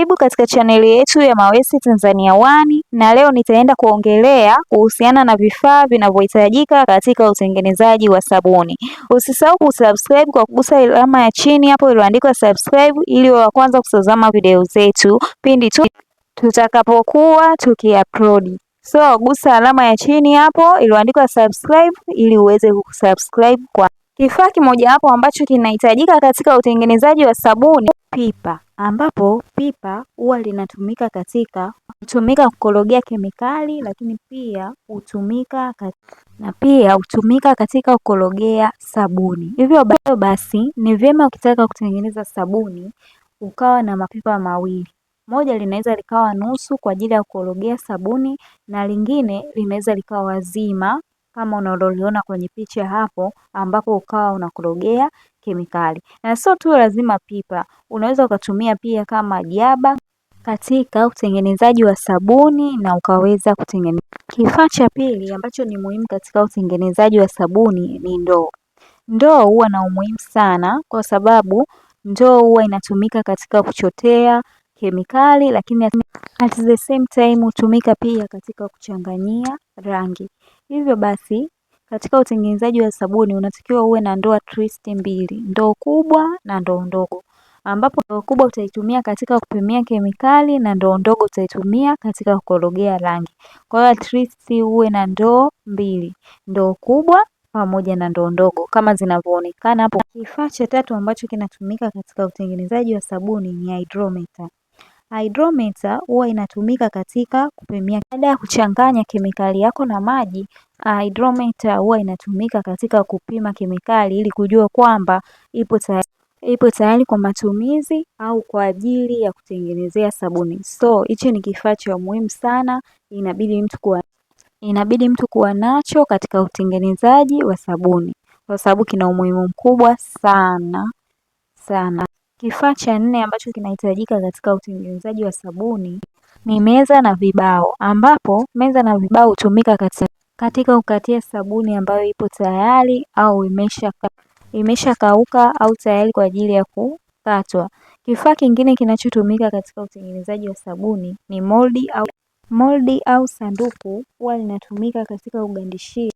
Karibu katika chaneli yetu ya Mawese Tanzania One, na leo nitaenda kuongelea kuhusiana na vifaa vinavyohitajika katika utengenezaji wa sabuni. Usisahau kusubscribe kwa kugusa alama ya chini hapo iliyoandikwa subscribe, ili wa kwanza kutazama video zetu pindi tu tutakapokuwa tukiupload. So gusa alama ya chini hapo iliyoandikwa subscribe ili uweze kusubscribe. Kwa kifaa kimojawapo ambacho kinahitajika katika utengenezaji wa sabuni Pipa ambapo pipa huwa linatumika katika hutumika kukorogea kemikali lakini pia hutumika na pia hutumika katika kukorogea sabuni. Hivyo basi ni vyema ukitaka kutengeneza sabuni ukawa na mapipa mawili, moja linaweza likawa nusu kwa ajili ya kukorogea sabuni na lingine linaweza likawa zima kama unaloliona kwenye picha hapo ambapo ukawa unakorogea kemikali. Na sio tu lazima pipa, unaweza ukatumia pia kama jaba katika utengenezaji wa sabuni na ukaweza kutengeneza. Kifaa cha pili ambacho ni muhimu katika utengenezaji wa sabuni ni ndoo. Ndoo huwa na umuhimu sana kwa sababu ndoo huwa inatumika katika kuchotea kemikali lakini at the same time hutumika pia katika kuchanganyia rangi. Hivyo basi katika utengenezaji wa sabuni unatakiwa uwe na ndoo twist mbili, ndoo kubwa na ndoo ndogo, ambapo ndoo kubwa utaitumia katika kupimia kemikali na ndoo ndogo utaitumia katika kukorogea rangi. Kwa hiyo twist uwe na ndoo mbili, ndoo kubwa pamoja na ndoo ndogo kama zinavyoonekana hapo. Kifaa cha tatu ambacho kinatumika katika utengenezaji wa sabuni ni hydrometer. Hydrometer huwa inatumika katika kupimia. Baada ya kuchanganya kemikali yako na maji, hydrometer huwa inatumika katika kupima kemikali ili kujua kwamba ipo tayari kwa matumizi au kwa ajili ya kutengenezea sabuni. So hichi ni kifaa cha muhimu sana inabidi mtu kuwa inabidi mtu kuwa nacho katika utengenezaji wa sabuni, kwa sababu kina umuhimu mkubwa sana sana. Kifaa cha nne ambacho kinahitajika katika utengenezaji wa sabuni ni meza na vibao, ambapo meza na vibao hutumika katika kukatia sabuni ambayo ipo tayari au imesha imeshakauka au tayari kwa ajili ya kukatwa. Kifaa kingine kinachotumika katika utengenezaji wa sabuni ni moldi au moldi au sanduku huwa linatumika katika ugandishia.